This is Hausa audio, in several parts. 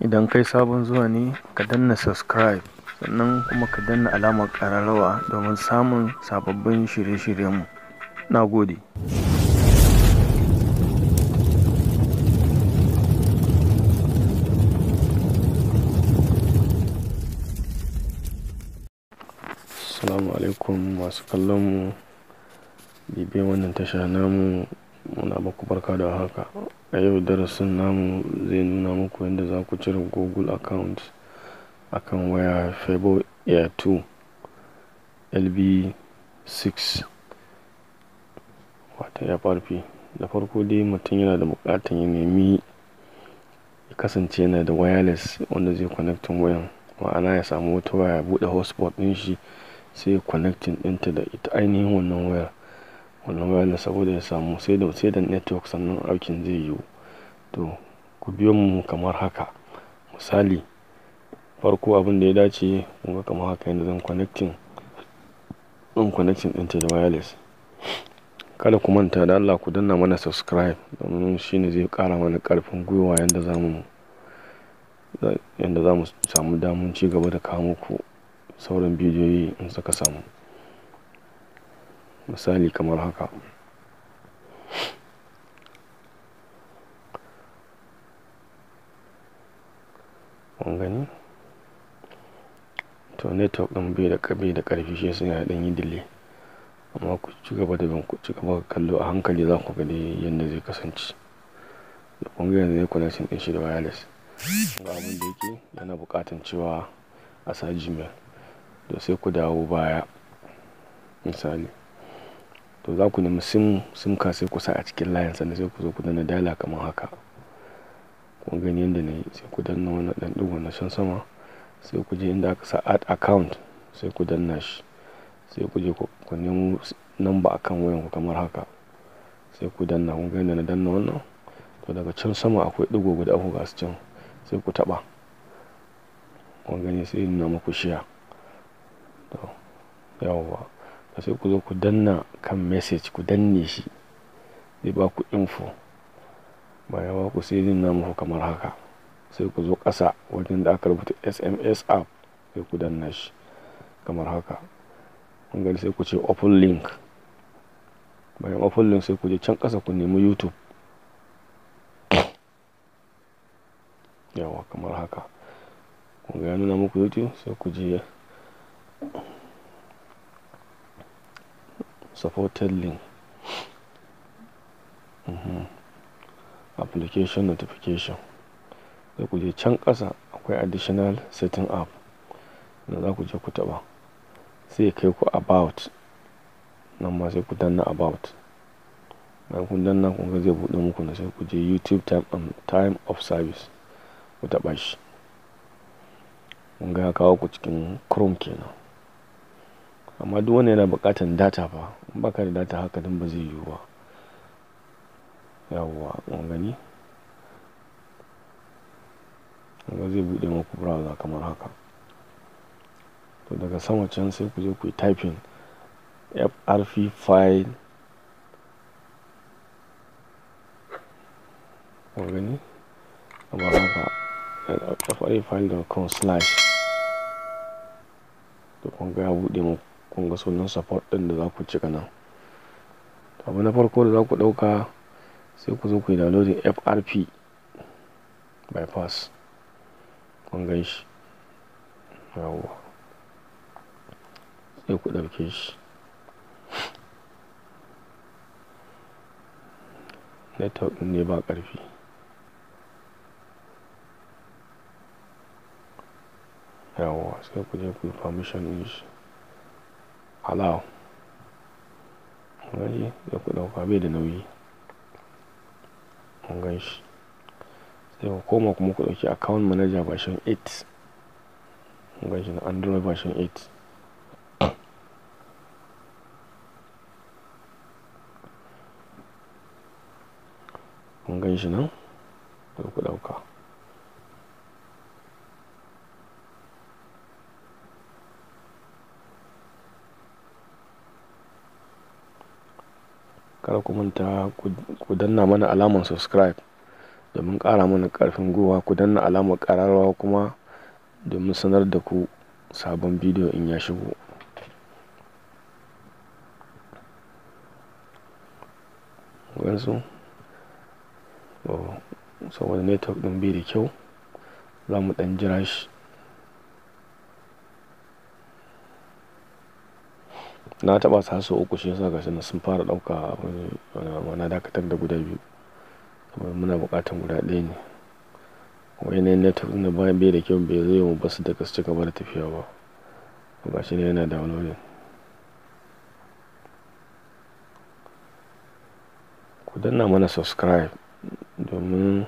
Idan kai sabon zuwa ne, ka danna subscribe sannan kuma ka danna alamar ƙararrawa domin samun sababbin shirye-shiryenmu. Na gode. Assalamu alaikum masu kallon mu, bibiyan wannan tasha namu muna muku barka da haka a yau darasin namu zai nuna muku yadda za ku cire google account akan waya fable air 2 lb6 wata ya farfi da farko dai mutum yana da bukatan ya nemi ya kasance yana da wireless wanda zai connecting wayan ma'ana ya samu wata waya bude hotspot din shi sai connecting ɗinta da ita ainihin wannan wayar wannan wireless saboda ya samu sai da sai da network sannan aikin zai yiwu to ku biyo mu kamar haka misali farko abin da ya dace kun ga kamar haka yadda zan connecting zan connecting ɗinta da wireless kada ku manta da Allah ku danna mana subscribe domin shine zai kara mana karfin gwiwa yadda za mu samu damun ci gaba da kawo muku sauran bidiyoyi in suka samu misali kamar haka kun gani to network ɗin bai da kabe da ƙarfi shi sai ya ɗan yi amma ku ci gaba da bin ku ci gaba kallo a hankali za ku gani yadda zai kasance da kun ga yanzu connection din shi da wireless ga abin da yake yana bukatan cewa a sa gmail to sai ku dawo baya misali to za ku nemi sim sim ka sai ku sa a cikin layin sannan sai ku zo ku danna dala kamar haka kun gani yadda na yi sai ku danna wani dan ɗigo na can sama sai ku je inda aka sa add account sai ku danna shi sai ku je ku nemo number akan wayan ku kamar haka sai ku danna kun gani na danna wannan to daga can sama akwai ɗigo guda uku ga su can sai ku taɓa kun gani sai nuna muku shiya to yawwa sai ku zo ku danna kan message ku danne shi zai ba ku info bayan ba ku sai na muku kamar haka sai ku zo ƙasa wajen da aka rubuta sms app sai ku danna shi kamar haka gani sai ku ce open link bayan open link sai ku je can ƙasa ku nemi youtube yawa kamar haka kun ga ya nuna muku youtube sai ku je supported link mhm. application notification sai ku je can ƙasa akwai additional setting app da za ku je ku taɓa sai kai ku about nan ma sai ku danna about bayan kun danna kun ga zai buɗe muku na sai ku je youtube time, and um, time of service ku taba shi kun ga kawo ku cikin chrome kenan amma duk wani yana buƙatar data fa baka da data haka nan ba zai yiwu ba yawwa kun gani ga zai buɗe muku browser kamar haka to daga sama can sai ku je ku yi typing frp file kun gani kamar haka frp file.com slash to kun ga ya buɗe muku kun ga sunan support ɗin da za ku cika nan abu na farko da za ku ɗauka sai ku zo ku yi downloading frp bypass kun gan shi yawo sai ku ɗauke shi network din ne ba ƙarfi yawo sai ku je ku yi permission ɗin shi halal gani da ku ɗauka bai da nauyi an gan shi sai ku koma kuma ku ɗauki account manager version 8 kun gan shi na android version 8 kun gan shi nan ku ɗauka Kada ku manta ku danna mana alamar subscribe domin kara mana karfin gowa Ku danna alamar kararrawa kuma domin sanar da ku sabon bidiyo in ya shigo. Wasu oh, saboda network ɗin bai da kyau za mu ɗan jira shi. na taba su haso uku shi yasa gashi sun fara ɗauka wani dakatar da guda biyu kamar muna bukatar guda ɗaya ne kuma yanayin network na bayan bai da kyau bai zai mu basu da su cika da tafiya ba gashi ne yana da wani ku danna mana subscribe domin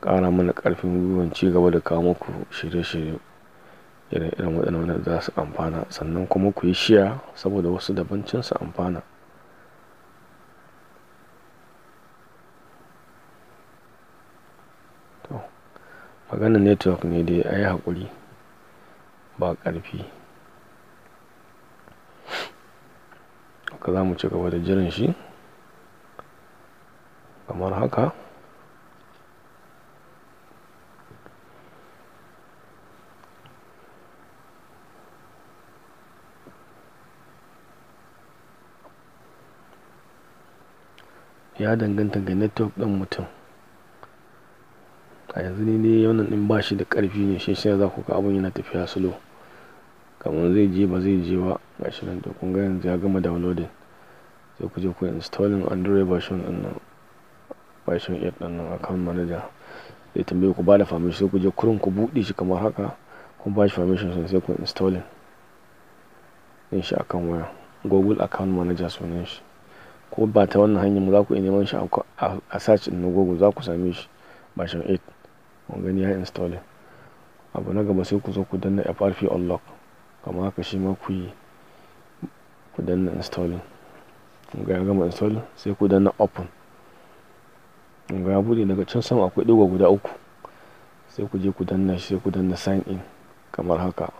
kara mana karfin gwiwan ci gaba da kawo muku shirye-shirye irin irin waɗannan za su amfana sannan kuma ku yi shiya saboda wasu dabancin su amfana to maganar network ne dai a yi haƙuri ba ƙarfi haka za mu ci gaba da jiran shi kamar haka ya danganta ga network ɗin mutum. A yanzu ne dai wannan ɗin ba shi da ƙarfi ne shi yasa za ku ka abun yana tafiya slow. Kamar zai je ba zai je ba shi nan to kun ga yanzu ya gama downloading. Sai ku je ku installing Android version ɗin nan version 8 ɗin nan account manager. Zai tambaye ku ba da permission sai ku je kurin ku buɗe shi kamar haka kun ba shi permission sai ku installing. Yin shi akan waya Google Account Manager sunan shi. ko ba ta wannan hanyar mu za ku iya neman shi a search na Google za ku same shi version 8 kun gani ya install Abu na gaba sai ku zo ku danna FRP unlock kamar haka shi ma ku yi ku danna installing. Kun ga ya gama install sai ku danna open. Kun ga ya bude daga can sama akwai ɗigo guda uku sai ku je ku danna shi sai ku danna sign in kamar haka.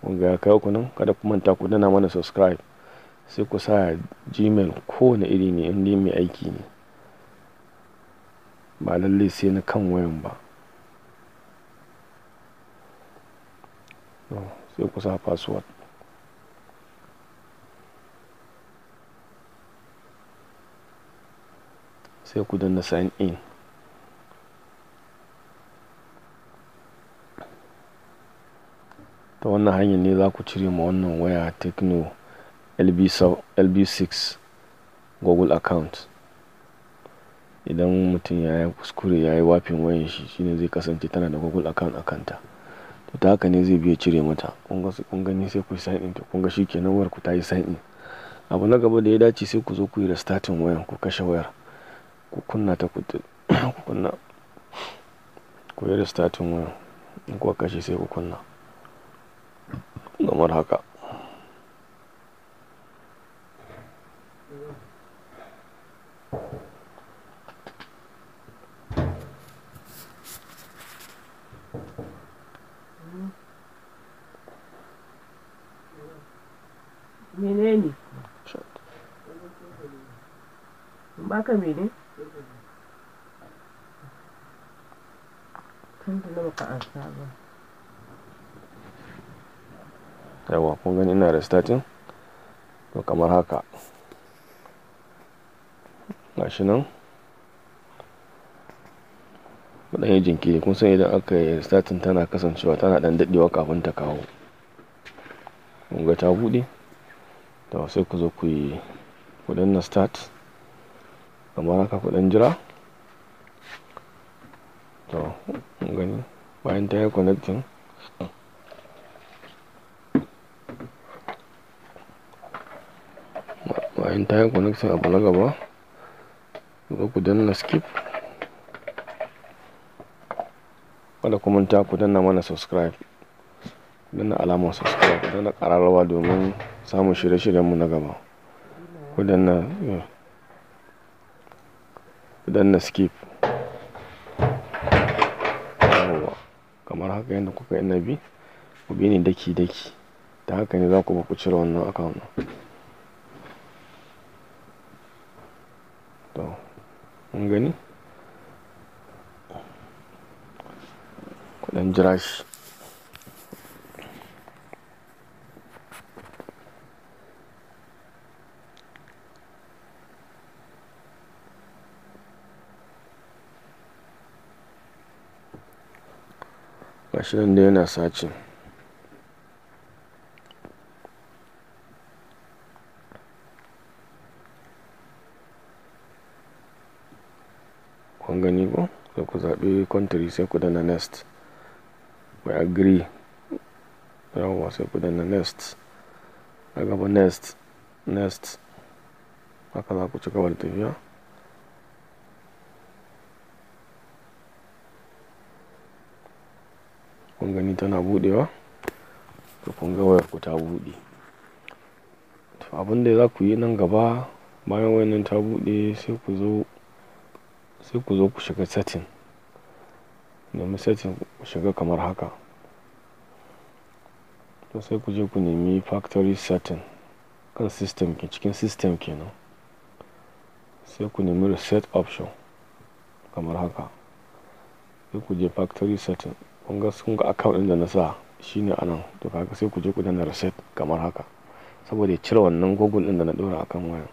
kun ga kai ku nan kada ku manta ku dana mana subscribe sai ku sa gmail ko na iri ne inda mai aiki ne ba lallai sai na kan wayan ba sai ku sa password sai ku danna sign in ta wannan hanyar ne za ku cire ma wannan waya techno lb6 google account idan mutum ya yi kuskure ya yi wafin wayan shi shine zai kasance tana da google account a kanta to ta haka ne zai biya cire mata kun gani sai ku yi sign in to kun ga shikenan wayar ku ta yi sign in abu na gaba da ya dace sai ku zo ku yi restarting wayan ku kashe wayar ku kunna ta ku kunna ku yi restarting wayan kuwa kashe sai ku kunna kamar haka menene baka mene tun na baka an saba yawa kun gani ina da statin to kamar haka gashi nan ɗan yi jinkiri kun san idan aka yi statin tana kasancewa tana ɗan daɗewa kafin ta kawo kun ga ta buɗe to sai ku zo ku yi kudin na start kamar haka kudin jira to kun gani bayan ta yi connecting entire connection a connecting abu na gaba zo ku danna skip kada kuma ta ku danna mana subscribe ku danna alamar subscribe ku danna kararrawa domin samun shirye-shiryenmu na gaba ku danna ku danna skip kamar haka yadda kuka yi na bi ku bi ni daki-daki ta haka ne za ku ba ku cire wannan akawun to mun gani kudan jira shi gashi da yana sacin an gani ko sai ku zaɓi country sai ku danna next we agree yawwa sai ku danna next a gaba next next haka za ku ci gaba da tafiya kun gani tana budewa to kun ga wayar ku ta bude to abin da za ku yi nan gaba bayan wayannan ta bude sai ku zo sai ku zo ku shiga setting domin setting ku shiga kamar haka to sai ku je ku nemi factory setting kan system ke cikin system kenan sai ku nemi reset option kamar haka sai ku je factory setting kun ga sun ga account ɗin da na sa shine anan to kaga sai ku je ku dana reset kamar haka saboda ya cire wannan google ɗin da na ɗora akan wayan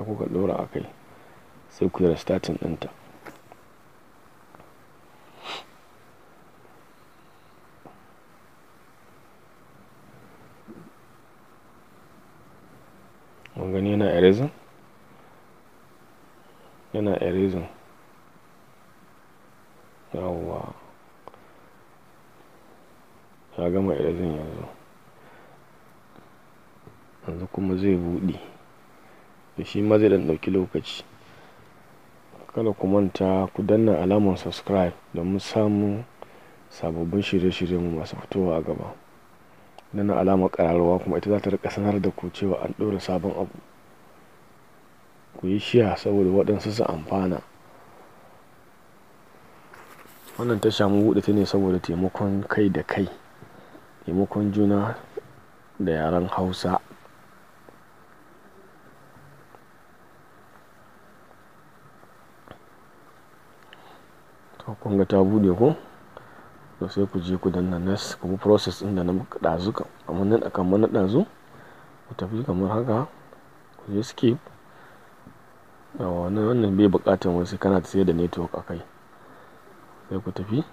da kuka ɗora akai sai ku yi restatin ɗinta gani yana erasing yana erasing yawwa ya gama erasing yanzu yanzu kuma zai buɗe da shi ma zai ɗan ɗauki lokaci Kada ku manta ku danna alamar subscribe mu samu sababbin shirye mu masu fitowa a gaba. Danna alamar kararrawa kuma ita za ta rika sanar da ku cewa an ɗora sabon abu. Ku yi shiya saboda waɗansu su amfana. Wannan tasha mu buɗe ta ne saboda taimakon kai da kai, taimakon juna da yaren Hausa. kun ga ta bude ko to sai ku je ku danna nas ku bi process din da na ɗazu amma nan akan mana ɗazu ku tafi kamar haka ku je skip yawa wannan bai buƙatar wasu kana sayar da network a kai sai ku tafi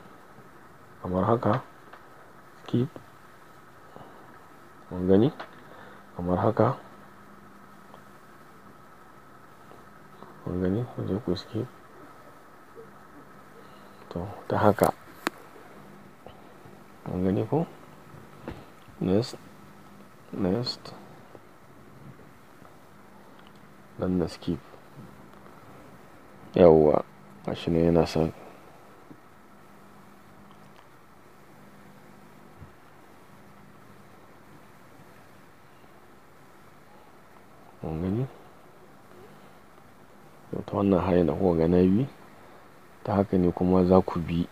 kamar haka skip mun gani kamar haka mun gani ku je ku skip to ta haka an gani ko next next dan na skip yawwa a shi ne yana sa an gani ta wannan hanyar da kuka ganayi ta haka ne kuma za ku bi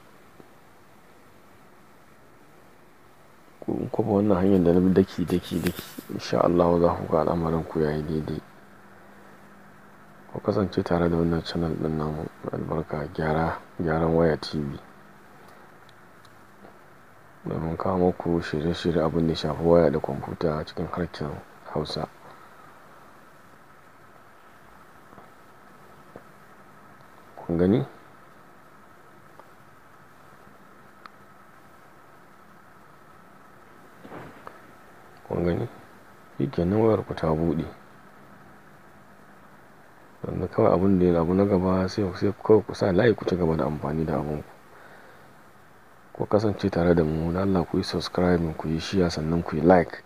kuma wannan hanyar da na bi daki daki daki insha Allah za ku ga al'amarin ku yayi daidai ku kasance tare da wannan channel din namu albarka gyara gyaran waya tv domin kawo muku shirye-shirye abin da shafi waya da kwamfuta cikin harkar hausa kun gani shikenan wayar ku ta buɗe wanda kawai abin da ya ragu na gaba sai kawai ku sa layi ku ci gaba da amfani da abin ku kasance tare da mu Allah ku yi subscribe ku yi shiya sannan ku yi like